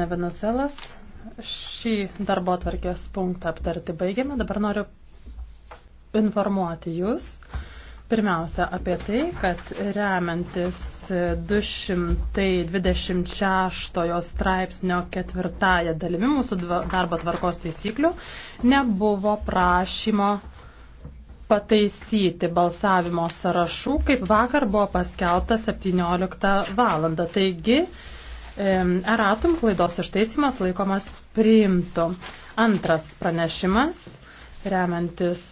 Ne Venuselas, šį darbo atvarkės punktą aptarti baigiame. Dabar noriu informuoti Jūs pirmiausia apie tai, kad remiantis 226 straipsnio ketvirtąją dalimi mūsų darbo tvarkos taisyklių nebuvo prašymo pataisyti balsavimo sąrašų, kaip vakar buvo paskelbta 17 valandą. Taigi, Eratum klaidos ištaisimas laikomas priimtu. Antras pranešimas, remiantis